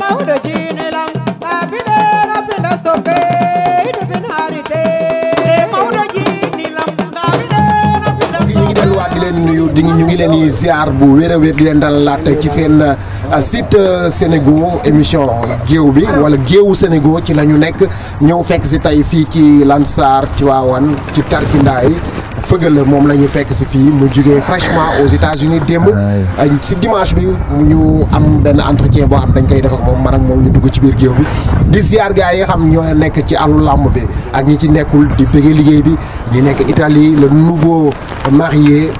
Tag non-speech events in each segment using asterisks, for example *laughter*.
mawɗo di leen di ñu ngi leen di ziar bu wér a wér di leen dalalaat ci seen uh, site uh, Sénégo émission géew bi wala géewu Sénégo ci la ñu nekk ñëw fekk si tey fii ci Lansar waawan ci Tarkindaa yi fëgala moom la ñuy fekk si fii mu jugee fraîchement aux États-Unis démb si dimanche bi ñu am benn entretien boo xam dañ koy def moom man ak moom ñu dugg ci biir géew bi di ziar gars yi xam ñoo nekk ci àllu làmb bi ak ñi ci nekkul di bëggee liggéey bi ñi nekk Italie le nouveau marié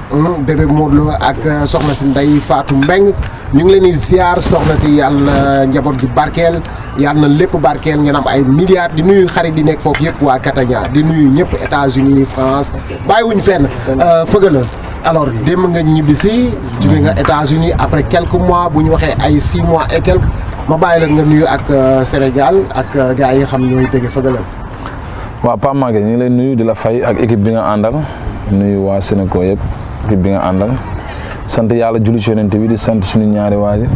bébé Modou Lo ak euh, soxna si Ndeye faatu Mbeng ñu ngi leen di ziar soxna si yàlla njaboot gi barkeel yàlla na lépp barkeel ngeen am ay milliards di nuyu xarit di nekk foofu yëpp waa Catania di nuyu ñëpp États-Unis France une fenn euh, fëgala alors démb nga ñibbisi jóge nga États-Unis après quelques mois bu ñu waxee ay six mois et ma bàyyi la nga nuyu ak euh, Sénégal ak euh, gars yi xam ñooy bëgg fëgala waaw Pape Maguette ñu ngi lay nuyu di la fay ak équipe bi nga àndal nuyu waa Sénégal yëpp équipe bi nga àndal sant yàlla julli ci yonent bi di sant suñu ñaari waajur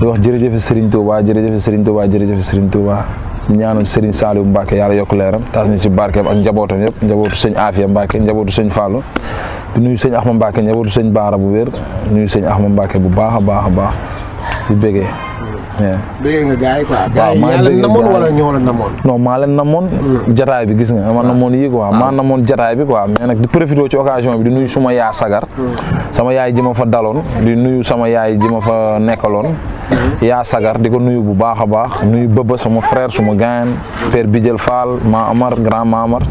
di wax jërëjëf Serigne Touba jërëjëf Serigne Touba jërëjëf Serigne Touba ñu ñaanal Serigne Saliou Mbacke yàlla yokk leeram taas ñu ci barkeem ak njabootam yëpp njabootu sëñ Afia Mbacke njabootu sëñ Fallou di nuyu sëñ Axma Mbacke njabootu sëñ Baara bu wér nuyu sëñ Axma Mbacke bu baax a baax a baax di bëggee. bëggee nga gars yi quoi. gars yi yaa leen namoon wala namoon. non maa leen namoon. Hmm. jataay bi gis nga ma ah. namoon yii quoi maa ah. namoon jataay bi quoi mais nag di profité ci occasion bi di nuyu suma yaa sagar. Hmm. sama yaay ji ma fa daloon di nuyu sama yaay ji ma fa nekkaloon yaa sagar di ko nuyu bu baax a baax nuyu bëba sama frère suma gaayan père Bidjel Fall ma Amar grand ma Amar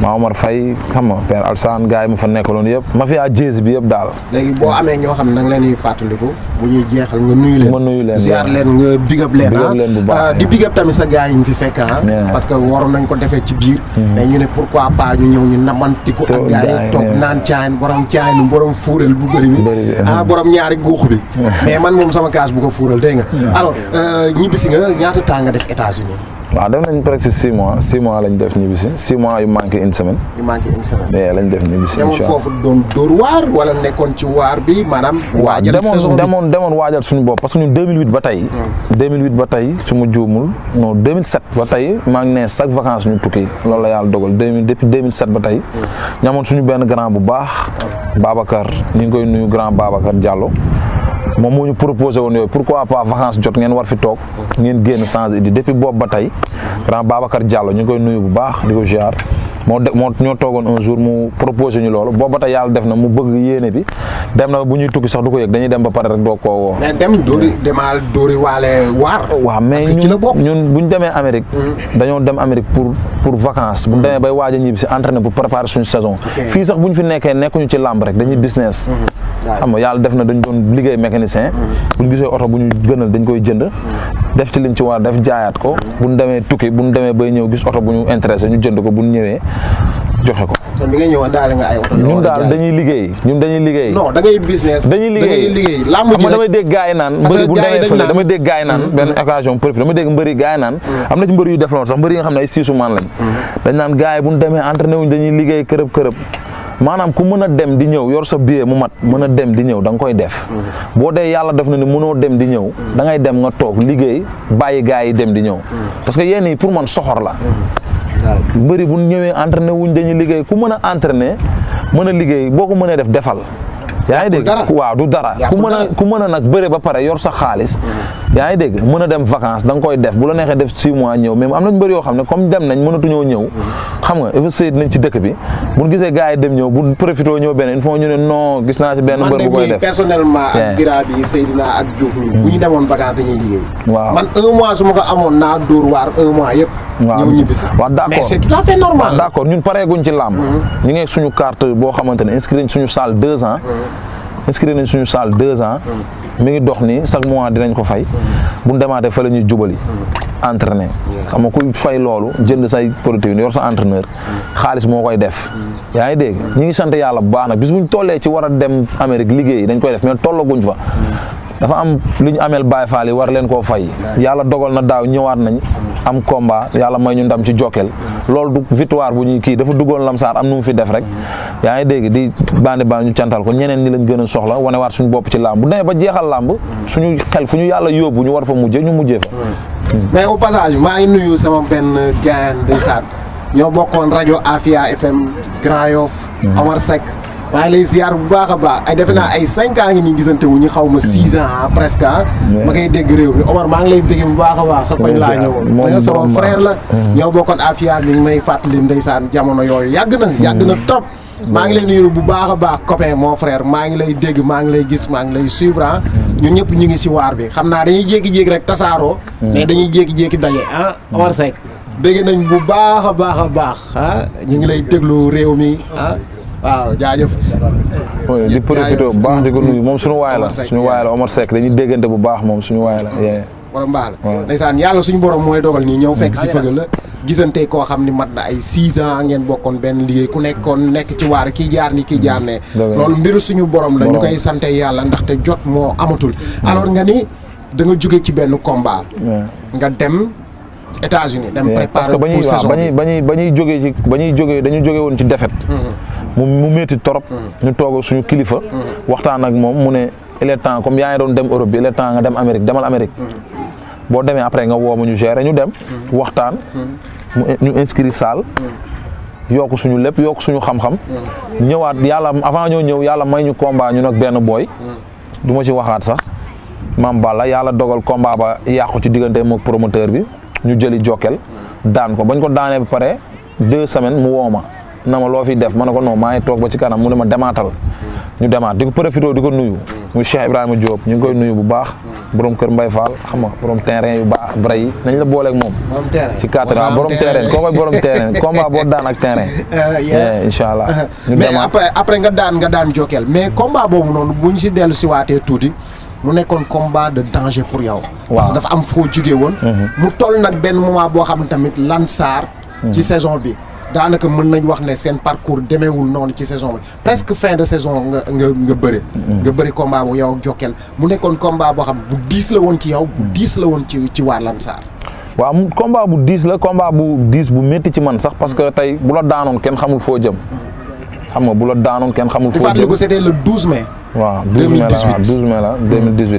maa Omar fay xam nga Père Alsaan gars yi ma fa nekkaloon yëpp ma fi à jeez bi yëpp daal. léegi boo amee ñoo xam ne da leen di fàttaliku bu ñuy jeexal nga nuyu leen. ma nuyu leen ziar leen nga bigab leen. bigab ah. leen bu baax ah, sa gars yi ñu fi fekk ah. parce que waroon nañ ko defee ci biir. Mm-hmm. mais ñëw ñu namantiku. ak gars yi toog naan caayin borom caayinu borom fuural bu bëri bi. ah borom ñaari guux bi. *laughs* mais man moom sama kaas bu ko fuural dégg nga. alors euh, ñibbisi nga ñaata temps nga def États-Unis waaw def nañ presque six mois six mois lañ def ñibbisi six mois yu manqué une semaine. yu manqué une semaine. mais def ñibbisi. demoon foofu doon dóor waar wala nekkoon ci waar bi maanaam. waajal saison bi demoon demoon waajal suñu bopp parce que ñun ba tey. 2008 hmm. ba tey su ma juumul non 2007 ba tey maa ngi ne chaque vacance ñu tukki loolu la yàlla dogal 2000 depuis 2007 ba tey. Hmm. ñamoon suñu benn grand bu baax. Hmm. Babacar ñu ngi koy nuyu grand Babacar Diallo. moom moo ñu proposé woon yooyu pourquoi pas vacances jot ngeen war fi toog ngeen génn changer di depuis boobu ba tey grand Babacar Diallo ñu ngi koy nuyu bu baax di ko ziar moo de moo ñoo toogoon un jour mu proposé ñu loolu boobu ba tey yàlla def na mu bëgg yéene bi dem na bu ñuy tukki sax du ko yëg dañuy dem ba pare rek doo koo woo. dem dóori demaal dóori waale waar. waaw mais ñun ñun bu ñu demee Amérique. Hmm. dañoo dem Amérique pour pour vacances. bu ñu hmm. demee bay waaj a ñibbi si entraîné bu préparer suñu saison. fii sax bu ñu fi nekkee nekkuñu ci làmb rek dañuy business. Hmm. xam nga yàlla def na dañ doon liggéey mécanicien. bu ñu gisee oto bu ñu gënal dañ koy jënd. def ci liñ ci war def jaayaat ko. bu ñu demee tukki bu ñu demee bay ñëw gis oto bu ñu intéressé ñu jënd ko bu ñu ñëwee joxe ko. kon bi nga ñëw daal nga ay oto. ñun daal dañuy liggéey ñun dañuy liggéey. non da ngay business. dañuy liggéey dañuy liggéey. làmb ji damay dégg gaay naan. mbëri bu demee damay dégg gaay naan. Mm-hmm. benn occasion profil damay dégg mbëri gaay naan. Mm-hmm. am na ci mbëri yu def loolu sax mbëri nga xam ne ay siisu maan lañ. Mm-hmm. dañ naan gaay bu ñu demee entraîné dañuy liggéey kërëb kërëb. maanaam ku mën a dem di ñëw yor sa billet mu mat mën a dem di ñëw da nga koy def boo dee yàlla def na ni mënoo dem di ñëw da ngay dem nga toog liggéey bàyyi gaay yi dem di ñëw parce que yéen yi pour man soxor la mbëri bu ñëwee entraîné wuñ dañuy liggéey ku mën a entraîné mën a liggéey boo ko mënee def defal yaa ngi dégg waaw du dara ku mën a ku mën a nag bëre ba pare yor sa xaalis mm-hmm. yaa ngi dégg mën a dem vacances da koy def bu la neexee def six mois ñëw mais am nañ bëri yoo xam ne comme dem nañ mënatuñoo ñëw mm-hmm. xam nga évasé nañ ci dëkk bi buñ gisee gars yi dem ñëw bu profité ñëw beneen il faut ñu ne non naa si benn mbër bu koy def ñu mm-hmm. demoon vacances dañuy waaw man un su ma ko amoon naa dóor waar un mois yëpp ñëw ñibbi sax waaw d'accord mais c'est tout à fait normal waaw d'accord ñun pareeguñ ci làmb ñu ngi suñu carte boo xamante ne inscrit suñu salle deux ans inscrit nañ suñu salle deux ans mi ngi dox ni chaque mois dinañ ko fay bu ñu demaatee fa la ñuy jubali entraîner xam nga ku fay loolu jënd say producteurs yor sa entraîneur xaalis moo koy def yaa ngi dégg ñi ngi sant yàlla bu baax nag bis buñ tollee ci war a dem Amérique liggéey dañ koy def mais tollaguñ fa dafa am lu ñu ameel Baye Fall yi war leen koo fay yàlla dogal na daaw ñëwaat nañ am combat yàlla may ñu ndam ci Jokkel loolu du victoire bu ñuy kii dafa duggoon Lamsaar am nu mu fi def rek yaa ngi dégg di bandi baa ñu cantal ko ñeneen ñi lañ gën a soxla wanewaat suñu bopp ci làmb bu demee ba jeexal làmb suñu xel fu ñu yàlla yóbbu ñu war fa mujje ñu mujjee fa mais au passage maa ngi nuyu sama benn gayan ndeysaan ñoo bokkoon rajo Afia FM Grand Yoff Omar Seck maa ngi lay bu baax baax ay naa ay cinq ans ngi nii gisante wu ñu xaw ma six ans presque ah. ma koy dégg réew maa ngi lay bëgg bu baax a baax. sa koñ laa ñëwoon te sama frère la. ñoo bokkoon Afia bi ñu may yàgg na yàgg na trop. maa ngi lay nuyu bu baax a baax copain mon frère maa ngi lay dégg maa ngi lay gis maa ngi lay suivre ah. ñun ñëpp ñu ngi si waar bi xam naa dañuy jékki-jékki rek tasaaroo. mais dañuy jékki-jékki daje ah Omar Seck. dégg nañ bu baax a baax a baax ah ñu ngi lay déglu réew mi ah waaw jaajëf. di profité bu baax di ko nuyu moom suñu waay la suñu waay la Omar Seck dañuy bu baax moom suñu waay la. wala mbaax la ndeysaan yàlla suñu borom mooy dogal nii ñëw fekk si fëgal la gisante koo xam ni mat na ay six ans ngeen bokkoon benn liggéey ku nekkoon nekk ci waar kii jaar ni kii mm-hmm. jaar ne loolu mbiru suñu borom la ñu koy sante yàlla ndaxte jot moo amatul mm-hmm. alors nga da nga jóge ci benn combat nga dem États-Unis dem préparer pour saison bi parce ba ñuy ba ba ñuy jógee ci ba ñuy jógee dañu jóge woon ci defet mu mu métti torop mm-hmm. ñu toog suñu kilifa. Mm-hmm. waxtaan ak moom mu ne il est temps comme yaa ngi doon dem Europe bi il est temps nga dem Amérique demal Amérique. Mm-hmm. boo demee après nga woo ma ñu gérer ñu dem. waxtaan. ñu inscrire salle. yokk suñu lépp yokk suñu xam-xam. ñëwaat yàlla avant ñoo ñëw yàlla may ñu combat ñu nag benn booy. du ma ci waxaat sax. maam bala yàlla dogal combat ba yàqu ci diggante mook promoteur bi ñu jëli Jokkel. daan ko bañ ko daanee ba pare deux semaines mu woo ma. na ma loo fi def ma ne ko non maa ngi toog ba ci kanam mu ne ma demaatal ñu demaat di ko profité di ko nuyu mu Cheikh a Diop ñu ngi koy nuyu bu baax borom kër Mbay Fall xam nga borom terrain yu baax bray yi nañ la booleeg moom ci quatre ans borom terrain combat borom terrain *laughs* combat boo daan ak terrain *laughs* allah uh-huh. ñu mais après après nga daan nga daan Jokal mais combat boobu noonu bu ñu si dellu si waatee tuuti mu nekkoon combat de danger pour yow parce que dafa am foo jugee woon mm-hmm. mu toll nag benn moment boo xam ne tamit Lansar ci mm-hmm. saison bi daanaka mën nañ wax ne seen parcours demeewul noonu ci saison bi presque fin de saison nga nga nga bëri. Mm. nga bëri combat bu yow ak Jokal mu nekkoon combat boo xam bu diis la woon ci yow bu mm. diis ci ci waa Lansar. waaw mu combat bu diis la combat bu diis bu métti ci man sax parce que mm. tey bu la daanoon kenn xamul foo jëm. xam nga bu la daanoon kenn xamul. foo jëm c'était le 12 mai. waaw 12 mai la waaw 12 la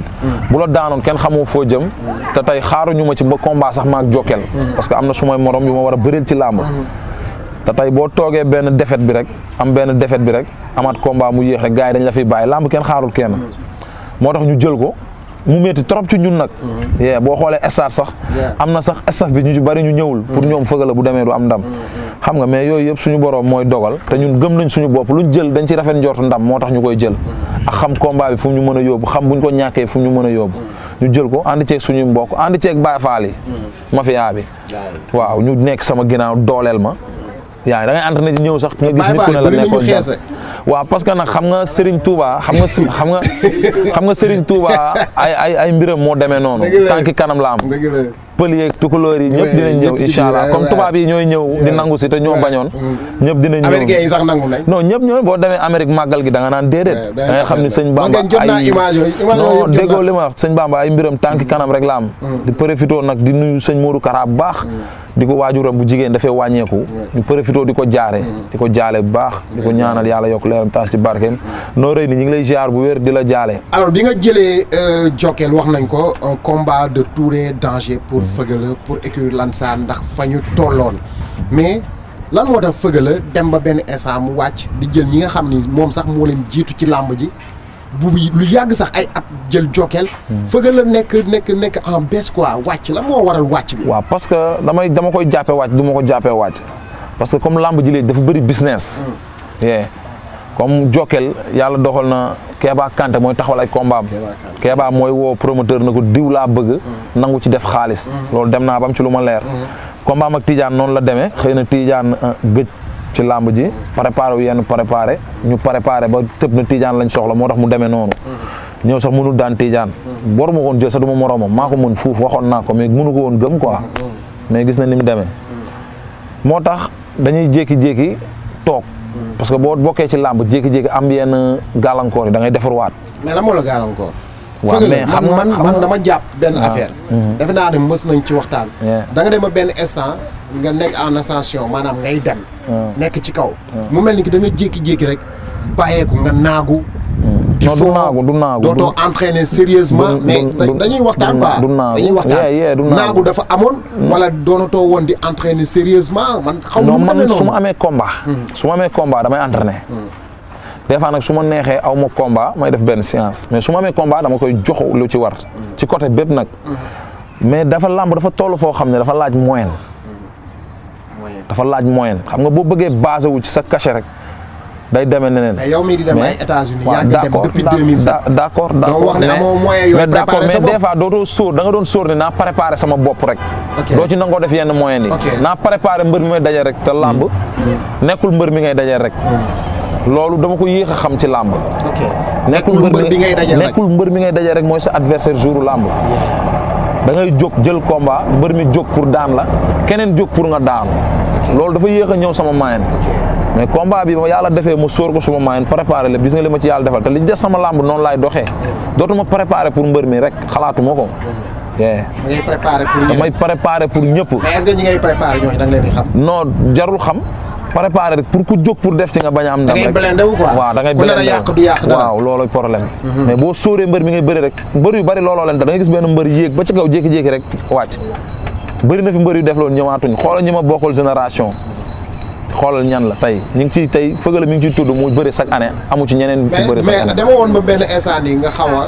2018. kenn xamoo foo jëm. te tey xaaruñu ma ci ba combat sax maak ak parce que am na sumay morom yu ma wara a bëreel ci làmb. te tey boo toogee benn defet bi rek am benn defet bi rek amaat combat mu yéex rek gars yi dañ la fiy bàyyi làmb kenn xaarul kenn moo tax ñu jël ko mu métti trop ci ñun nag. Mm-hmm. boo xoolee stade sax. am na sax stade bi ñu ci bari ñu ñëwul. pour mm-hmm. ñoom fëgala bu demee du am ndam. Mm-hmm. xam nga mais yooyu yëpp suñu borom mooy dogal te ñun gëm nañ suñu bopp luñ jël dañ ci rafet njortu ndam moo tax ñu koy jël. ak xam combat bi fu ñu mën a yóbbu xam buñ ko ñàkkee fu ñu mën a yóbbu. ñu jël ko ànd ceeg suñu mbokk ànd ceeg Baay Faal yi. mafia bi. waaw ñu nekk sama ginnaaw dooleel ma. yaa da ngay entraîné ñëw sax nga gis nit ku ne la nekkoon jàpp waaw parce que nag xam nga Serigne Touba xam nga xam nga *laughs* xam nga Serigne Touba ay ay ay mbiram moo demee noonu tànki kanam la am pël yeeg tukulóor yi ñëpp dinañ ñëw incha allah comme tubaab yi ñooy ñëw di nangu si te ñoo bañoon mm. ñëpp dinañ ñëw américain yi sax nangu nañ non ñëpp ñooy boo demee Amérique màggal gi da nga naan déedéet da nga xam ni sëñ Bamba ay mbiram tànki mm. kanam rek la mm. di profité nag di nuyu sëñ Modou Kara bu baax di ko waajuram bu jigéen dafee wàññeeku ñu profité di ko jaare di ko jaale baax di ko ñaanal yàlla yokk leeram taas ci barkeem noo ni ñi lay ziar bu wér di la jaale alors bi nga jëlee euh, Jokkel wax nañ ko euh, combat de Touré pour la pour écurie Lansar ndax fa ñu tolloon mais lan moo tax Feugeula dem ba benn instant mu wàcc di jël ñi nga xam ni moom sax moo leen jiitu ci làmb ji bu lu yàgg sax ay at jël jokkeel. Hmm. la nekk nekk nekk en baisse quoi wàcc la moo waral wàcc bi. waaw parce que damay dama koy jàppee wàcc du ma ko jàppee wàcc parce que comme làmb ji lee dafa bëri business. Hmm. comme Jokal yàlla doxal na Kéba Kanté mooy taxawal ay kombaam Kéba mooy woo promoteur na ko diw laa bëgg mm. nangu ci def xaalis mm. loolu dem naa ba am ci lu ma leer kombaam mm. ak Tidiane noonu la demee xëy na Tidiane euh, gëj ci làmb ji préparé wu yenn préparé ñu préparé ba tëb na Tidiane lañ soxla moo tax mu demee noonu ñëw sax mënul daan Tidiane waruma woon jël sax du ma moroomam maa ko mën fuuf waxoon naa ko mais mënu ko woon gëm quoi mais gis na ni mu demee moo tax dañuy jékki-jékki toog parce que boo bokkee ci làmb jékki-jékki am yenn gàllankoor yi da ngay waat mais lan moo la gàllankoor. waaw mais xam man man dama jàpp benn affaire. Mhm. defe naa ne mës nañ ci waxtaan. da nga dem a benn instant nga nekk en ascension maanaam ngay dem. nekk ci kaw. mu mel ni ki da jékki-jékki rek bàyyeeku nga naagu. il faut du naagu dootoo entraîner sérieusement mais dañuy waxtaan quoi dañuy waxtaan naagu dafa amoon mm. wala doonatoo woon di entraîner sérieusement man xaw ma man su ma amee combat mm. su ma amee combat damay entraîner mm. des fois nag su ma neexee aw ma combat may def benn séance mais su ma amee combat dama koy jox lu ci war ci côté bépp nag mais dafa lamb dafa toll foo xam ne dafa laaj moyen dafa laaj moyen xam nga boo bëggee basé wu ci sa cachet rek day demee neneen. mais yow mii di demee ay États-Unis yaa ngi dem depuis 2007 d' accord d' accord donc wax ne amoo moyen yooyu préparé sa bopp mais des fois doon sóor ne naa préparé sama bopp rek. doo ci nangoo def yenn moyen yi. naa préparé mbër mi may daje rek te làmb. Hmm. nekkul mbër mi ngay daje rek. Hmm. loolu dama ko yéex a xam ci làmb. nekkul mbër bi ngay daje mbër mi ngay daje rek mooy sa adversaire jouru làmb. da ngay jóg jël komba mbër mi jóg pour daan la keneen jóg pour nga daanu. loolu dafa yéex a ñëw sama moyen. mais combat bi ma yàlla defee ma sóor ko suma maayen préparé lépp gis nga li ma ci yàlla defal te li des sama làmb noonu laay doxee dootuma préparé pour mbër mi rek xalaatu ma ko mais ngay préparé pour pour ñëpp. mais est da nga leen di xam. non jarul xam. pour ku jóg a am. da ngay blindé wu quoi. waaw yàq du yàq dara waaw loolooy problème mhm. mais boo sóoree mbër mi ngay bëri rek mbër yu bari looloo leen da ngay gis benn mbër yéeg ba ci kaw jékki-jékki rek wàcc. bëri na fi mbër yu def loolu ñëwaatuñ xoolal ñi ma bokkal génération. xoolal ñan la tey ñu ngi ciy tey fëgale mi ngi ciy tudd mu bëri chaque année amu ci ñeneen mu bëri chaque année mais dama yi nga xaw a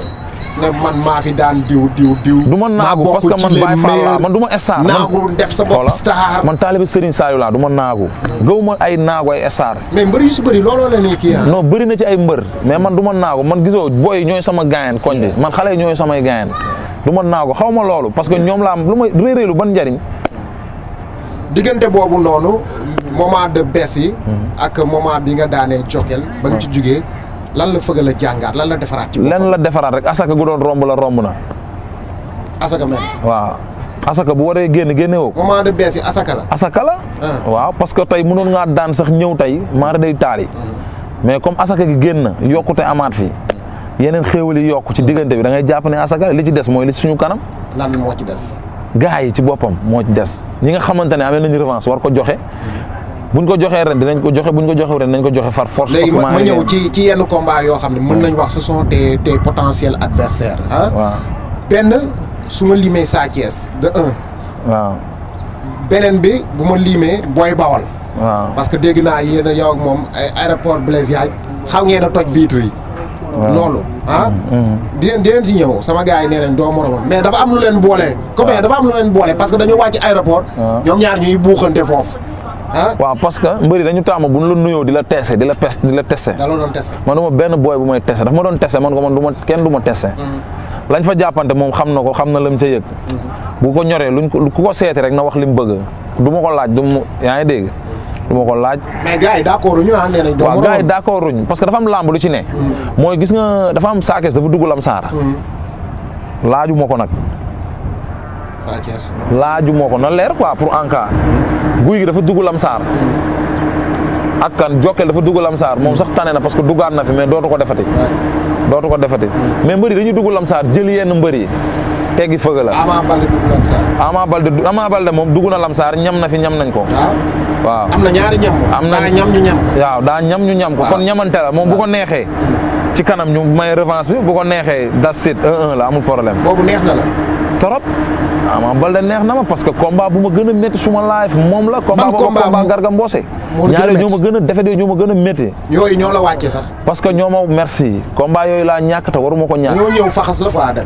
ne man maa fi daan diw diw diw du ma naagu parce que man Baye Fall laa man du ma star naagu def sa bopp star man taalibe Serigne Saliou laa du ma naagu gëw ma ay naagu ay star mais mbër yu si bëri looloo la ne kii ah. non bëri na ci ay mbër mais man du ma naagu man gisoo booy ñooy sama gaayen koñ bi man xale yi ñooy samay gaayen du ma naagu xaw ma loolu parce que ñoom laa lu ma réeréelu ban njariñ diggante boobu noonu moment de baisse yi. Mhm. ak moment bi nga daanee Jokal. ba nga ci jugee lan la fëgg la jàngaat lan la defaraat. ci lan la defaraat rek asaka gu doon romb la romb na. asaka mel. waaw asaka bu waree génn génne woo. moment de baisse yi asaka la. asaka la. Ah. waaw parce que tey mënoon ngaa daan sax ñëw tey maar day taali. Mm. mais comme asaka gi génn na yokkute amaat fii. yeneen xéewal yi yokk ci mm. diggante bi da ngay jàpp ne asaka li ci des mooy li suñu kanam. lan moo ci des. gaa yi ci boppam moo ci des ñi nga xamante ne amee nañu revanche war ko joxe mm. buñ ko joxee ren dinañ ko joxe buñ ko joxee ren dinañ ko joxe far force. léegi ma ñëw ci ci yenn combat yoo xam ne mën nañ wax soo sont des des potentiels adversaires ah. waaw benn su ma limee Sa Thiès de un. beneen bi bu ma limee booy Bawal. waaw parce que dégg naa yéen a yow ak moom ay aéroport Blaise Diagne xam ngeen a toj vitre yi. loolu ah. di leen di leen si ñëw sama gars yi nee nañ doo moromam mais dafa am lu leen boole. comme dafa am lu leen boole parce que dañoo wàcc aéroport. ñoom ñaar ñuy buuxante foofu. waaw parce que mbëri dañu taamu bu ñu la nuyoo di la teese di la pes di la tese. man du ma benn booy bu may tese dafa ma doon tese man ko man du ma kenn du ma mm. lañ fa jàppante moom xam na ko xam na lam ca yëg. Mm. bu ko ñoree luñ ko ku ko seeti rek na wax li mu bëgg du ma ko laaj du ma yaa ngi dégg. du ko laaj. mais gars yi d' accord ruñ ah nañ. waaw gars yi d' accord ruñ parce que dafa am làmb lu ne. Mm. mooy gis nga dafa am saakees dafa dugg lam saara. laaju ma ko nag. saakees. laaju ma ko na leer ko pour en guy gi dafa dugg lamsaar ak kan jokkeel dafa dugg lamsaar moom sax tane na parce que duggaat na fi mais dootu ko defati dootu ko defati mm. mais mbëri dañuy dugg lamsaar jël yenn mbëri yi teggi fëga la Ama Ama Baldé Ama Baldé moom dugg na lamsaar ñam na fi ñam nañ ko waaw am na am na ñam ñu ñam waaw daa ñam ñu ñam ko kon ñamante moom bu ko neexee mm. ci kanam ñu may revanche bi bu ko neexee das sit 1-1 la amul problème boobu neex na torop Ama Baldé neex na ma parce que bu ma gën a métti suma life moom la. combat boobu combat Garga Mbossé. moo a métti ñaari ñoo ma gën a defet yooyu ñoo ma gën a yooyu ñoo la wàcce sax. parce ñoo ma merci combat yooyu laa ñàkk waruma ko ñàkk.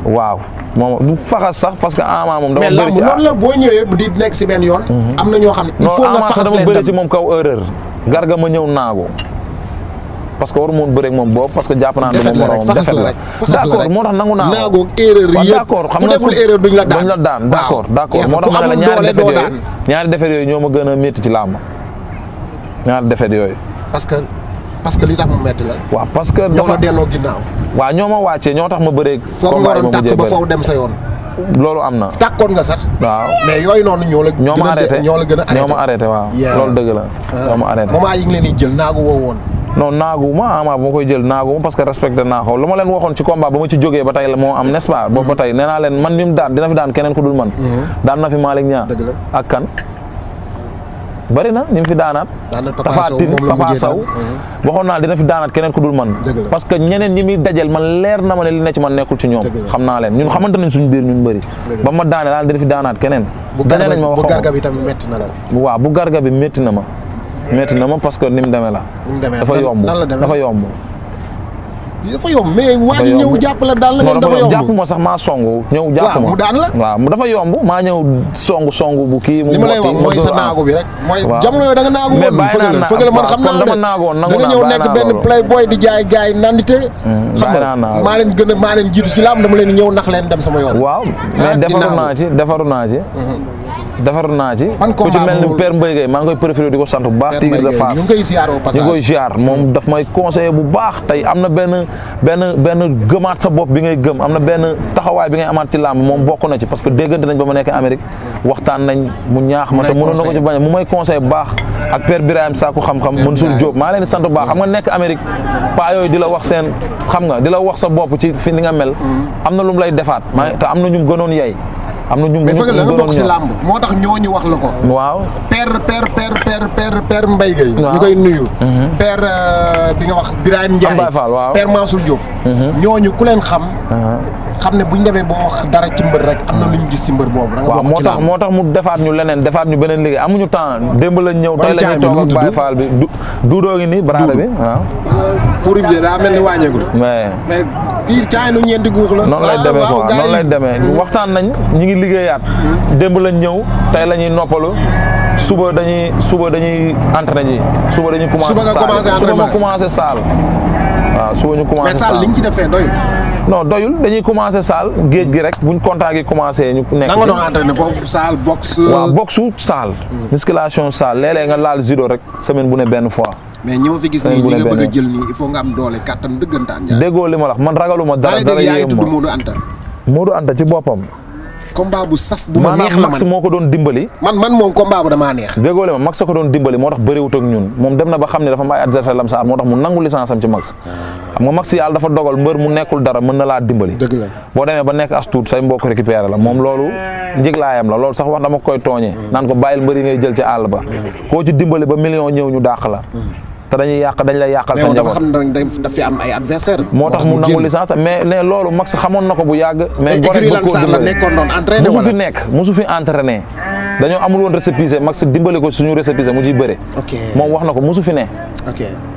waaw moom faxas sax parce que moom. dama bëri ci boo ñëwee di nekk si benn yoon. Mhm. am na ñoo xam ne il sax dama bëri moom kaw erreur. Garga ma ñëw naago parce que waru moon bëreeg moom boobu parce que jàpp naa ne moom moo tax nangu naa naagoog erreur yëpp d'accord xam nga ma ne ñoo ma gën a yooyu parce que parce que li tax mu métti la waaw parce que ñoo la delloo ginnaaw waaw ñoo ma ma bëreeg foofu nga waroon tàkk ba foofu dem sa yoon loolu am na tàkkoon nga sax yooyu noonu ñoo la ñoo ma arrêté a arrêté ñoo ma waaw loolu dëgg la uh, ñoo ma arrêté moment leen di jël naagu woon non naaguma Ama ah, bu ma koy jël naaguma parce que respecté naa ko lu ma leen waxoon ci combat ba ma ci jógee ba tey la moo am nest boobu ba tey leen man ni mu daan dina fi daan keneen ku dul man mhm. daan na fi Malick Niang fi daanaat tafaatin Papa Sow mhm. waxoon naa dina fi daanaat keneen ku dul man parce que ñeneen ñi muy dajal man leer na ma ne li nekkul ci ñoom xam naa leen ñun xamante nañ suñu biir ñun bëri ba ma daane daal dina fi daanaat keneen dane ma wax bu bi tamit métti bu garga bi na ma metti na ma parce que ni mu demee la. dafa yomb dafa yomb. dafa yomb mais waa ñëw jàpp la daal la ngeen dafa ma sax maa songu ñëw jàpp ma waaw mu daan la dafa yomb maa ñëw songu songu bu kii mu li ma lay wax mooy sa naagu bi rek mooy jamono yooyu da nga naagu woon fëgale fëgale man xam naa dama naagoon nangu da nga ñëw nekk benn playboy di jaay gaay nandite hmm, maa leen gën a maa dama leen ñëw nax leen dem sama yoon waaw ah, mais defaru naa ci defaru naa ci hmm. defaru naa ci ku ci mel ni Père Mbaye Gueye maa ngi koy préféré di ko sant bu baax Tigre de Fass ñu koy ziar moom mm. daf may conseillé bu baax tey am na benn benn benn gëmaat sa bopp bi ngay gëm am na benn taxawaay bi ngay amaat ci làmb moom bokk na ci parce que déggante nañ ba ma nekk Amérique waxtaan nañ mu ñaax ma te mënoon na ko ci bañ mu may conseillé bu baax ak Père Birahim Sakku xam-xam Mansour Diop maa leen di sant bu baax xam nga nekk Amérique paa di la wax seen xam nga di la wax sa bopp ci fi ni nga mel mm. am na lu lay defaat te am na ñu gënoon yay am na ñu mais fekk la nga bokk si làmb moo tax ñooñu wax la ko waaw père père père père père père Mbaye Gueye ñu koy nuyu mhm. père euh, bi nga wax Birahim Ndiaye père Mansour Diop mhm. ñooñu ku leen xam uh-huh. xam ne bu ñu demee boo wax dara ci mbër rek am na lu ñu gis ci mbër boobu. da nga waaw moo tax moo tax mu defaat ñu leneen defaat ñu beneen liggéey amuñu temps démb lañ ñëw. tey la ñuy toog ak Baye Fall duudoo ngi nii baraada bi waaw. fourib bi daa mel ni wàññeekul. mais fii caay nu ñeenti guux la. noonu lay ah, demee quoi noonu demee waxtaan nañ ñi ngi liggéeyaat. Hmm. démb lañ ñëw tey la ñuy noppalu. suba dañuy suba dañuy entraîné ji suba dañuy. commencé saal suba commencé entraîné suba ma commencé saal waaw suba ñu commencé saal li ñu ci defee doyul. non doyul dañuy commencé saal géej gi rek buñ contact gi commencé. ñu nekk nga doon entraîné foofu saal boxe. waaw boxe saal. Hmm. musculation saal léeg-léeg nga laal judo rek semaine bu ne benn fois. mais ñi fi gis nii ñi nga bëgg a jël nii il faut nga am doole kattan dëggantaan. déggoo li ma la wax man ragaluma dara dara yéem ma Modou Anta ci boppam combat bu saf bu ma neex la man max ko doon dimbali neex dégoole ma max ko doon dimbali moo tax bëriwut ak ñun moom dem na ba xam ne dafa am ay lamsaar moo tax mu nangu licence ci max xam nga max yàlla dafa dogal mbër mu nekkul dara mën na laa dimbali boo demee ba nekk as say mbokk récupéré la moom loolu njiglaayam la loolu sax wax dama koy tooñee mm. naan ko bàyyil mbër ngay jël ci àll ba mm. koo ci dimbali ba million ñëw ñu dàq la mm. te dañuy yàq dañ lay yàqal sa njaboot daf fi am ay adversaire moo tax mu nangu licence mais ne loolu Max xamoon na ko bu yàgg mais musu fi nekk musu fi entraîné dañoo amul woon récépissé Max dimbale ko suñu récépissé mu ciy bëre moom wax na ko musu fi ne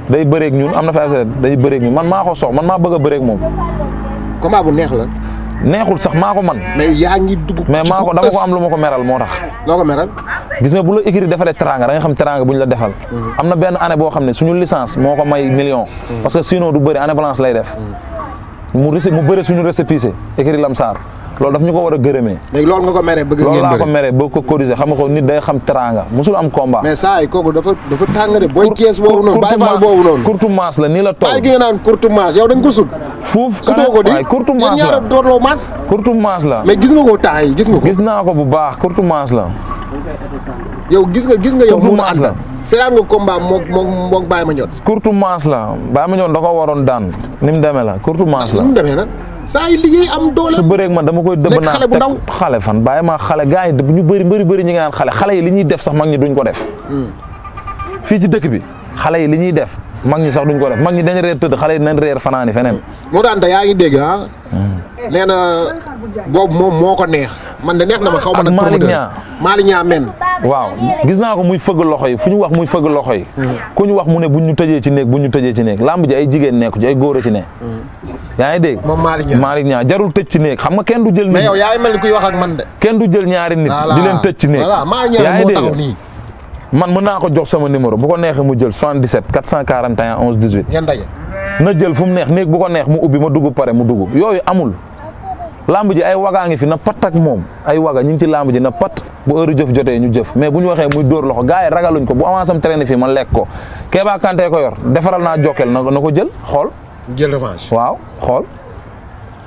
day bëreeg ñun am na fa adversaire dañu bëreeg ñun man maa ko sox man maa bëgg a bëreeg moom combat bu neex la neexul sax maa ko man mais yaa ngi dugg mais maa ko am lu ma ko meral moo tax. loo ko meral. gis nga la écrit defaree teranga da xam teranga bu ñu la defal. Mhm. am na benn année boo xam ne suñu licence moo ko may million. Mhm. parce que sinon du bëri année balance lay def. Mhm. mu mu bëri suñu récépissé écrit saar loolu daf ñu ko war a gërëmee. léegi ko meree bëgg ngeen loolu laa ko meree bëgg ko corriger nit day xam teraanga musul am combat. mais saa yi kooku dafa dafa tàng de. booy kees boobu noonu bàyyi faal boobu noonu. courte masse la nii la toll. a doonoo masse. courte la mais gis nga ko temps yi gis nga ko. gis ko bu baax courte masse la. yow gis nga gis nga yow. courte masse la seetaan nga combat moog moog moog Baye Mandione. courte masse la Baye Mandione da ko waroon daan ni mu demee la courte masse la ni mu saa yi liggéey am doole. su bëree man dama koy dëbb naa xale bu ndaw xale fan bàyyi ma xale gars yi ñu bëri bëri bëri ñi nga naan xale xale yi li ñuy def sax mag ñi duñ ko def. Mm. fii ci dëkk bi xale yi li ñuy def mag ñi sax duñ ko ref mag ñi dañ reer tëdd xale yi nañ reer fanaani feneen. moo daan da yaa ngi dégg ah. Hmm. nee na boobu moom moo ko neex. man de neex na ma xaw ma nag. Malick Niang Malick Niang men. waaw gis naa ko muy fëgg loxo yi fu ñu wax muy fëgg loxo yi. Hmm. ku ñu wax mu ne buñ ñu tëjee ci néeg buñ ñu tëjee ci néeg làmb ji ay jigéen nekk ji ay góor a ci ne. Hmm. yaa ngi dégg. moom Malick Niang Malick Niang jarul tëj ci néeg xam nga kenn du jël. mais yow mel ni kuy wax ak man kenn du jël ñaari nit. di leen tëj ci néeg. yaa ngi man mën naa ko jox sama numéro bu ko neexee mu jël 77 441 11 18. ngeen daje. na jël fu mu neex néeg bu ko neex mu ubbi ma dugg pare mu dugg yooyu amul. lamb ji ay wagaa ngi fi na pat ak moom ay waga ñu ngi ci lamb ji na pat bu heure jëf jotee ñu jëf mais bu ñu waxee muy dóor loxo gars yi ragaluñ ko bu avancé am traîné ma man lekk ko Kéba Kanté ko yor defaral naa Jokal na ko na ko jël xool. jël revanche waaw xool.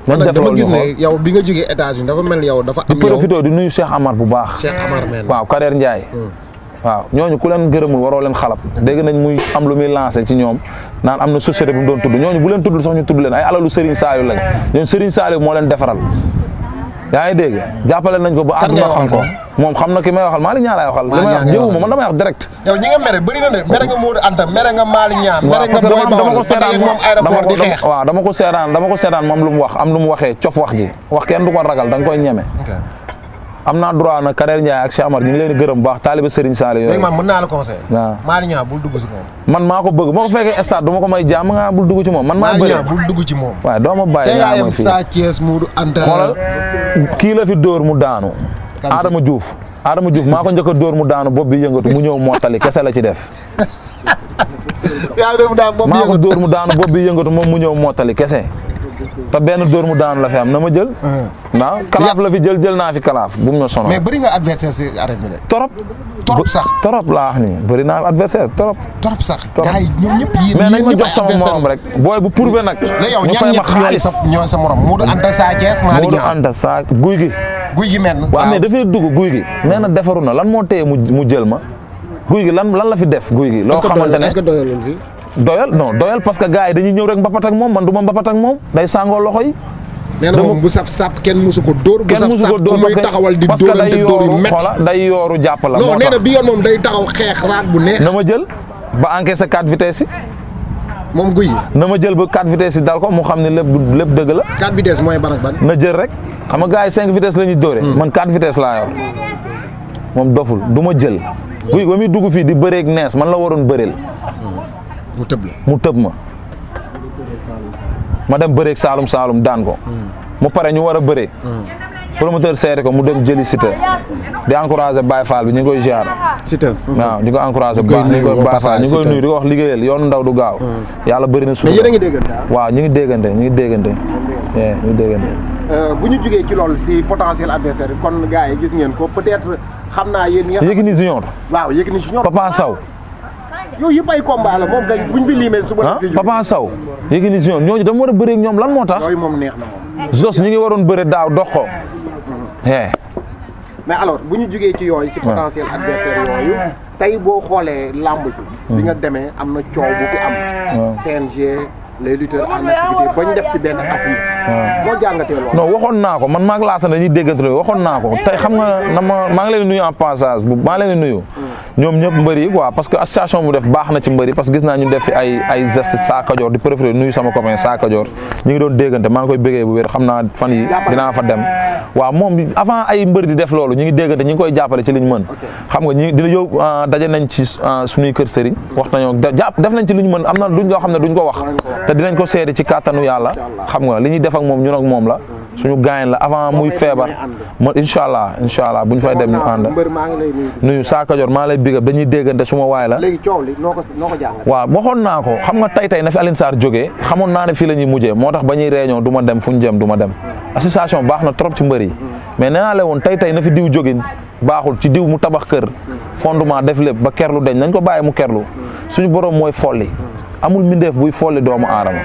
man nag dama gis ne yow bi nga jógee étage dafa mel yow dafa am yow di di nuyu Cheikh Amar bu baax. Cheikh waaw Kader Ndiaye. Hmm. waaw ñooñu ku leen gërëmul waroo leen xalab dégg nañ muy am lu muy lancé ci ñoom naan am na société bu mu doon tudd ñooñu bu leen tudd ñu tudd leen ay alalu Serigne Saliou lañ ñoom Serigne Saliou moo leen defaral yaa ngi dégg jàppale nañ ko ba àdduna xam moom xam na ki may waxal Malick Niang laay waxal wax jëwuma man damay wax direct yow dama ko seetaan moom aéroport ko seetaan dama lu mu wax am lu mu waxee cof wax ji wax kenn du ragal da nga koy ñeme am na droit nag Kader Ndiaye ak Cheikh Amar ñu ngi gërëm baax taaliba Serigne Sall yooyu. léegi man mën naa dugg ci moom. man maa ko bëgg bu ma ko fekkee stade du ma ko may jàmm nga bul dugg ci moom. man maa bëri Maliña bul dugg ci moom. waaw doo ma bàyyi yaa ma fi Sa Thiès Modou Anta. xoolal kii la fi dóor mu daanu. Adama Diouf Adama Diouf maa ko njëkk dóor mu daanu bopp bi yëngatu mu ñëw mootali kese la ci def. *laughs* yaa ngi mu daan bi yëngatu dóor mu daanu bopp bi moom mu ñëw mootali kese te benn dóor mu daanu la fi am na ma jël. waaw kalaaf la fi jël jël naa fi kalaaf bu mu ma sonal. mais bëri nga adversaire si arène bi de. torop torop sax torop laa wax nii bëri naa adversaire torop. torop sax gars yi ñoom ñëpp yéen nañ ma jox sama morom rek. booy bu prouvé nag. ñu fay ma xaalis ñoo sa morom Modou Anta Sa Thiès maa di Modou Anta Sa guy gi. guy gi mel na waaw dugg guy gi. nee na defaru na lan moo téye mu jël ma guy gi lan lan la fi def guy gi. loo xamante ne doyal non doyal parce que gars yi dañuy ñëw rek mbapat ak moom man du ma mbapat ak moom day sàngoo loxo yi. nee moom bu saf sap kenn musu ko dóor. bu saf sap bu muy taxawal di dóorante dóor yu métti parce que day yooru jàpp la. moom day taxaw xeex raag bu neex. na ma jël ba encaissé quatre vitesses yi. moom guy yi. na ma jël ba quatre vitesses yi dal ko mu xam ne lépp lépp dëgg la. quatre vitesses mooy ban ak ban. na jël rek xam nga gars yi cinq vitesses la ñuy dóore. Hmm. man quatre vitesses laa yor moom doful du ma jël. guy ba muy dugg fii di bëreeg nees man la waroon bëreel hmm. mu tëb mu tëb ma. ma dem bëreeg Saalum Saalum daan ko. mu pare ñu war a bëree. promoteur seere ko mu dem jëli Siteu di encouragé Baye bi ñu ngi koy ziar. Siteu waaw ko encouragé. bu baax ñu ngi ñu ngi koy nuyu di ko wax liggéeyal yoonu ndaw du gaaw. yàlla bëri na suuf mais yéen a ah? waaw ñu ngi déggante ñu ngi déggante. ñu ngi déggante. Euh, bu ñu jugee ci lool si potentiel adversaire kon gars yi gis ngeen ko peut-être xam naa yéen. Yékini Junior. waaw Yékini Junior Papa Sow. yooyu yëpp ay combat la moom kay buñ fi limee suba ah, Papa Sow Yékini ñooñu dama war a bëreeg ñoom lan moo tax yooyu moom neex na moom ñu ngi waroon bëre daaw dox ko mm-hmm. eh. mais alors bu ñu jugee ci yooyu si potentiel adversaire yooyu tey boo xoolee làmb ji bi nga mm. demee am na coow bu fi am CNG les lutteurs en activité bañ def ci waxoon naa ko man maag Laasana dañuy déggante loolu waxoon naa ko tey xam nga na maa ngi leen nuyu en passage bu maa leen nuyu. ñoom ñëpp mbër yi quoi parce que association bu def baax na ci mbër yi parce que gis naa ñu def fi ay ay geste saa Kajoor di préféré nuyu sama copain saa Kajoor ñu ngi doon déggante maa ngi koy bëggee bu wér xam naa fan yi dinaa fa dem. waaw moom avant ay mbër di def loolu ñu ngi déggante ñu ngi koy jàppale ci liñ mën. xam nga ñu dina yóbbu ah, daje nañ ci ah, suñuy kër sëriñ. wax nañoo def nañ ci liñ mën am na duñ loo xam ne duñ ko wax te dinañ ko seede ci kàttanu yàlla xam nga li ñuy def moom ñun ak moom la suñu gaañ la avant muy feebar ma incha allah incha allah bu ñu fay dem ñu ànd nuyu Saaka Joor maa lay big ba ñuy déggante suma waay la waaw waxoon naa ko xam nga tay tay na fi Alioune Sarr jógee xamoon naa ne fii la ñuy mujjee moo tax ba ñuy réunion du ma dem fu ñu jëm dem association baax na trop ci mbër yi mais nee naa la woon tay tay na fi diw jógin baaxul ci diw mu tabax kër fondement def lépp ba kerlu deñ nañ ko bàyyi mu kerlu suñu borom mooy folli amul mbindeef buy folle doomu aadama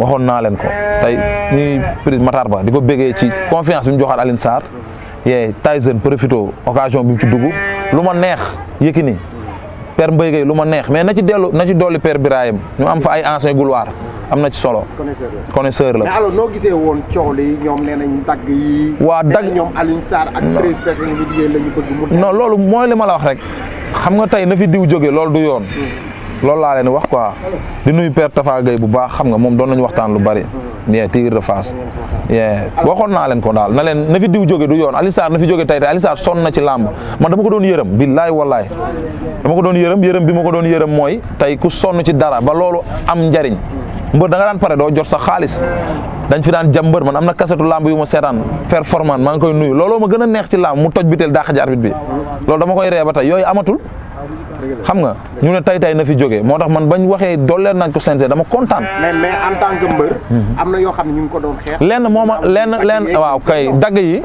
waxoon naa leen ko tey ñuy prise Matar Ba di ko béggee ci confiance bi mu joxaat saar Sarr yee Tyson profito occasion bi mu ci dugg lu ma neex Yékini père Mbaye Gueye lu ma neex mais na ci dellu na ci dolli père Birahim ñu am fa ay ancien gloire am na ci solo. connaisseur la connaisseur la. gisee woon coow li ñoom nee nañ dagg yi. waa dagg ñoom Alioune Sarr ak la loolu mooy li ma la wax rek xam nga tey na fi diw jógee loolu du yoon. Hmm. loolu laa leen wax quoi di nuyu père Tafa bu baax xam nga moom doon nañu waxtaan lu bari. bien Tigre de Fass. bien waxoon naa leen ko daal na leen na fi diw jóge du yoon Alioune Sarr na fi jóge tey tey Alioune Sarr ci làmb man dama ko doon yërëm billaay wallaay dama ko doon yërëm yërëm bi ma ko doon yërëm mooy tey ku sonn ci dara ba loolu am njariñ mbër da nga daan pare doo jot sa xaalis dañ fi daan jàmbër man am na kasetu làmb yu ma seetaan performance maa ngi koy nuyu looloo ma gën a neex ci làmb mu toj bi teel dàq ji arbitre bi loolu dama koy ree ba tey yooyu amatul xam nga ñu ne tay tay na fi jógee moo tax man bañ waxee dooleel nañ ko CNG dama kontaan. mais mais en tant mhm. am na yoo xam ne ñu ngi ko doon lenn moo ma lenn lenn waaw kay dagg yi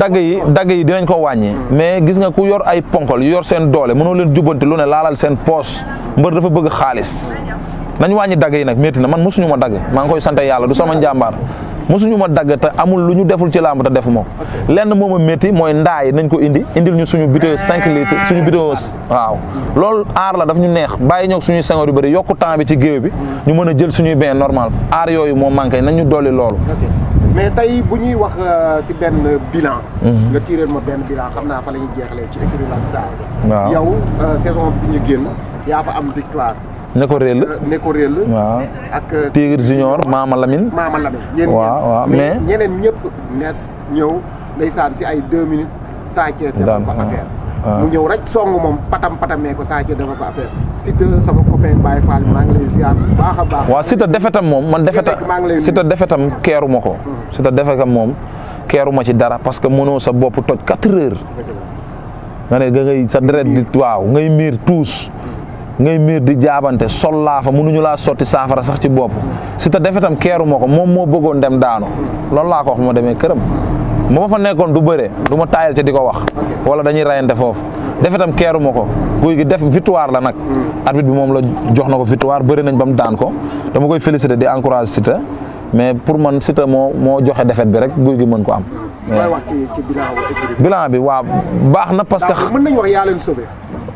dagg yi dagg yi dinañ ko wàññi. Mhm. mais gis nga ku yor ay ponkol yor seen doole mënoo leen jubbanti lu ne laalal seen poos mbër dafa bëgg xaalis nañ wàññi dagg yi nag métti na man mosuñu ma dagg maa ngi koy sant yàlla du sama njàmbaar mosuñu ma dagg te amul lu ñu deful ci làmb te defu ma lenn moom a métti mooy ndaa yi nañ ko indi indil ñu suñu butéel 5 litres suñu butéel waaw loolu aar la daf ñu neex bàyyi ñoo suñuy sengoor yu bëri yokku temps bi ci géew bi ñu mën a jël suñuy bain normal aar yooyu moo manqué nañ ñu dolli loolu mais tey bu ñuy wax euh, si benn bilan. Mhm. nga tiireel ma benn bilan xam naa fa la ñuy jeexalee ci écurie Lansar. waaw euh, saison bi ñu génn yaa fa am victoire. ne ko réel euh, ne ko réel waaw ak euh, Tigre Junior Maama Lamine waaw mais ñeneen ñëpp nees ñëw ndeysaan si ay deux minutes Sa Thiès dafa ko ah, ah. ñëw rek song moom patam patamee ko Sa Thiès dafa ko affaire Siteu sama copain Baye Fall maa ngi lay ziar bu baax a baax waaw Siteu defetam moom man defeta Siteu defetam keeruma ko mm-hmm. Siteu defetam moom keeruma ci dara parce que mënoo sa bopp toj quatre heures nga ne nga ngay sa deret di ngay miir tuus ngay miir di jaabante sol laa fa mënuñu la sotti saafara sax ci bopp si te defetam keeru ko moom moo bëggoon dem daanu loolu laa ko wax demee këram moo ma fa nekkoon du bëre du ma taayal ci di ko wax wala dañuy rayante foofu defetam keeru ma ko guy gi def victoire la nag arbitre bi moom la jox na ko victoire bëri nañ ba mu daan ko dama koy féliciter di encourager si te mais pour man si moo moo joxe defet bi rek guy gi mën ko am bilan bi waaw baax na parce que mën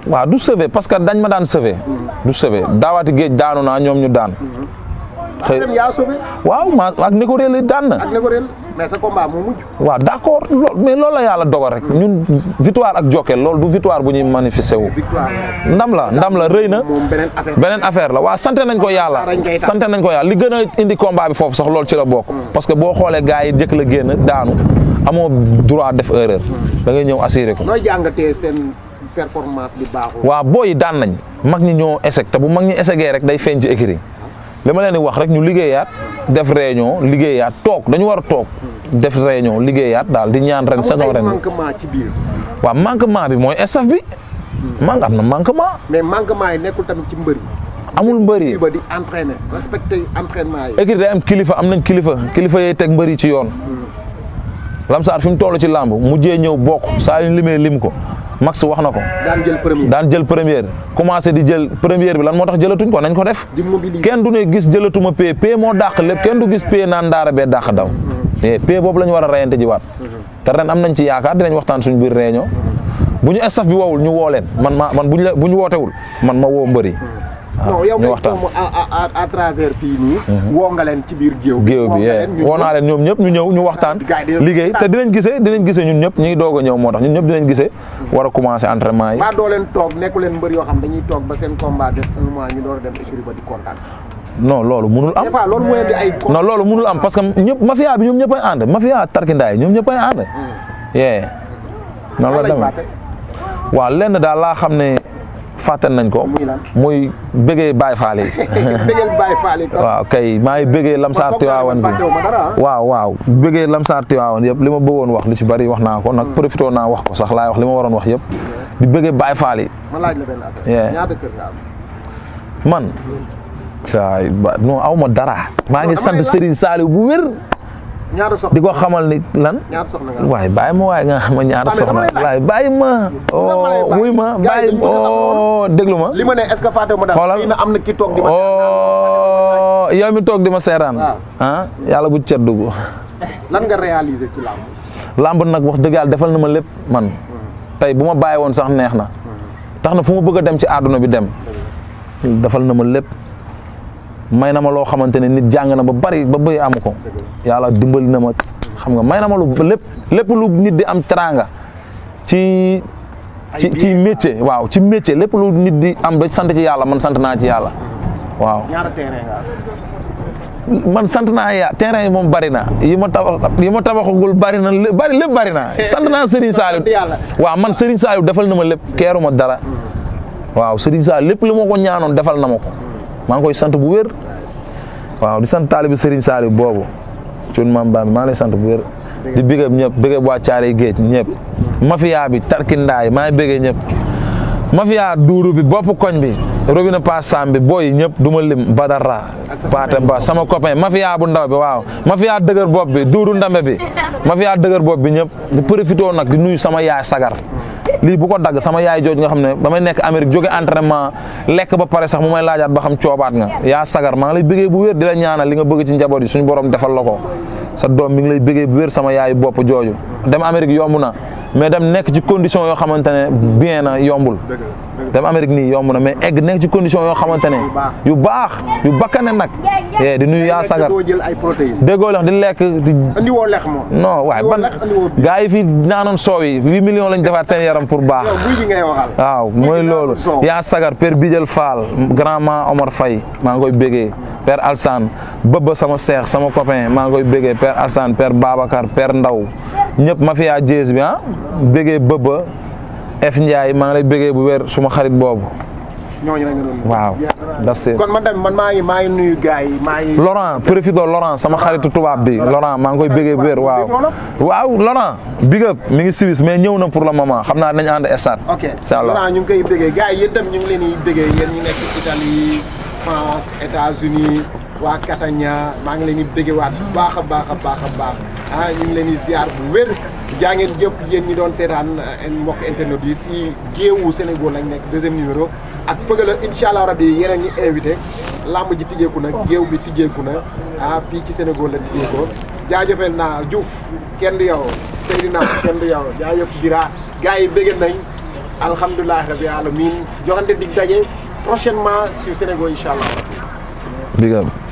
waaw du sauvé parce que dañ ma daan sauvé. du sauvé daawaati géej daanu naa ñoom ñu daan. xëy waaw ma ak ne ko réel daan na. ak ne ko réel waaw d' accord mais loolu la yàlla dogal rek ñun victoire ak Jokal loolu du victoire bu ñuy manifesté wu. ndam la ndam la rëy na. beneen affaire la waaw sante nañ ko yàlla. sant nañ ko yàlla li gën a indi combat bi sax loolu ci la bokk. parce que boo xoolee gars yi jëkk la génn daanu amoo droit def erreur. da ngay ñëw assuré ko. nooy jàngatee seen. performance bi baaxul. waaw booy daan nañ mag ñi ñoo échec te bu mag ñi échecgee rek day feeñ ci écrit li ma di wax rek ñu liggéeyaat def réunion liggéeyaat toog dañu war toog def réunion liggéeyaat daal di ñaan ren saison ren manquement ci biir. waaw manquement bi mooy staff bi. manque am na manquement. mais manquement yi nekkul tamit ci mbër amul mbër ba di entraîner respecter entraînement yi. day am kilifa am nañ kilifa kilifa yee teg mbër ci yoon. Hmm. Lamsaar fi mu toll ci làmb mujjee ñëw bokk saa yu ñu limee lim ko max wax na ko. daan jël première daan jël première commencé di jël première bi lan moo tax jëlatuñ ko nañ ko def. kenn du ne gis jëlatuma pay pay moo dàq lépp kenn du gis pay naan daara bee dàq daw. mais eh, pay boobu la ñu war a rayante jiwaat. te ren am nañ ci yaakaar dinañ waxtaan suñ biir réunion. bu ñu staff bi woowul ñu woo leen man ma man bu ñu la bu ñu wootewul man ma woo mbëri Ah. non yow ñu waxtaan à travers fii nii. Mhm. woo nga leen biir géew bi géew bi eh. woo naa ñoom ñëpp ñu ñëw ñu waxtaan ah, liggéey te dinañ gisee dinañ gisee ñun ñëpp ñu ngi doog ñëw moo tax ñun ñëpp dinañ gisee war a commencé entraînement yi. ba leen toog yoo xam dañuy toog ba seen combat des un mois ñu door dem écrit ba di contact non loolu munul am non loolu munul am parce que ñëpp mafia bi ñoom ñëpp ay ànd mafia tarkindaay ñoom ñëpp ay yee noonu la demee waaw lenn daal laa xam ne fàttal nañ ko. muy bëggee Baye Fall yi. *laughs* waaw kay maa ngi bëggee Lamsaar Tiwaawan bi ah. waaw waaw bëggee Lamsaar Tiwaawan yëpp li ma bëggoon wax li si bari wax naa ko nag hmm. profité naa wax ko sax laay wax li ma waroon wax yëpp. di bëggee Baye Fall yi. man. waaw aw ma dara. maa ngi sant Serigne Saliou bu wér. ñaari soxna di ko xamal ni lan. ñaari soxna nga waaye bàyyi ma waaye nga xam ne ñaari soxna. waaye bàyyi ma. Oh, wuy ma ma oh, déglu ma. li ma ne est-ce que fàtte ma daal am na ki toog oh, mi toog di ma seeraan. Ah, yàlla bu ceddu gu. lan nga réaliser ci làmb. nag wax dëgg yàlla defal na ma lépp man. tey bu ma bàyyi woon sax neex na. tax na fu ma bëgg a dem ci àdduna bi dem. defal na ma lépp. may na ma loo xamante ne nit jàng na ba bari ba bëy am ko yàlla dimbali na ma xam nga may na ma lu lépp lépp lu nit di am teraanga ci ci ci métier waaw ci métier lépp lu nit di am ba sant ci yàlla man sant naa ci yàlla waaw man sant naa terrain yi moom bari na yi ma tabax yi ma tabaxagul bari na bari lépp bari na *laughs* sant naa Serigne Saliou man Serigne Saliou defal na ma lépp keeruma dara mm-hmm. waaw Serigne Saliou lépp li ma ko ñaanoon defal na ma ko maa ngi koy sant bu wér waaw di sant taalibi Serigne Saliou boobu cun maam Bambi maa ngi lay sant bu wér di bëggee ñëpp bëggee waa Thiaré Géej ñëpp mafia bi tarkindaay maa ngi bëggee ñëpp mafia duuru bi bopu koñ bi robinet pas sam bi booy ñëpp du ma lim Badara Paate Ba sama copain mafia bu ndaw bi waaw mafia dëgër bopp bi duudu ndambe bi mafia dëgër bopp bi ñëpp di profité nag di nuyu sama yaay sagar lii bu ko dagg sama yaay jooj nga xam ne ba may nekk Amérique jóge entraînement lekk ba pare sax mu may laajaat ba xam coobaat nga yaa sagar maa ngi lay bëggee bu wér di la ñaanal li nga bëgg ci njaboot yi suñu borom defal la ko sa doom mi ngi lay bëggee bu wér sama yaayu bopp jooju dem Amérique yomb na mais dem nekk ci condition yoo xamante ne bien na yombul dem Amérique nii yomb na mais egg nekk ci condition yoo xamante ne yu baax yu bakkane nag eh, di nuyu yaa sagar déggoo lex di lekk di non waaye ban gars yi fii naanoon soow yi million millions lañ defaat seen yaram pour baax waaw mooy loolu yaa sagar père Bidjel Fall grand ma Omar fay maa ngi koy bégee père Alsane bëbba sama seex sama copain maa ngi koy bégee père Alsane père Babacar père Ndaw ñëpp ma fiyaa jees bi ah F Ndiaye maa ngi lay bëggee bu wér suma xarit boobu. ñooñu la nga waaw that's it kon man tamit man maa ngi maa ngi nuyu gars yi maa ngi. Laurent profito Laurent sama xaritu tubaab bi Laurent maa ngi koy bëggee bu wér waaw. waaw Laurent big mi ngi Suisse mais ñëw na pour le moment xam naa nañ ànd stade. ok Laurent ñu ngi koy bëggee gars yi yéen tam ñu ngi leen di bëggee yéen ñu nekk Italie France États-Unis waa Catania maa ngi leen di bëggee waat baax a baax a baax a baax ah ñu ngi leen di ziar bu wér. jaa ngeen jëf yéen ñi doon seetaan eh, mbokk internet yi si géewu Sénégal lañ nekk deuxième numéro ak Feugeula incha allah rabi yeneen ñi invité làmb ji tijjeeku na géew bi tijjeeku na ah fii ci Sénégal la tijjeekoo jaajëfal naa Diouf kenn du yow Seydina kenn du yow Dira gars yi bëgg nañ alhamdulilah rabi alamin joxante dig daje prochainement sur Sénégal incha allah. big up.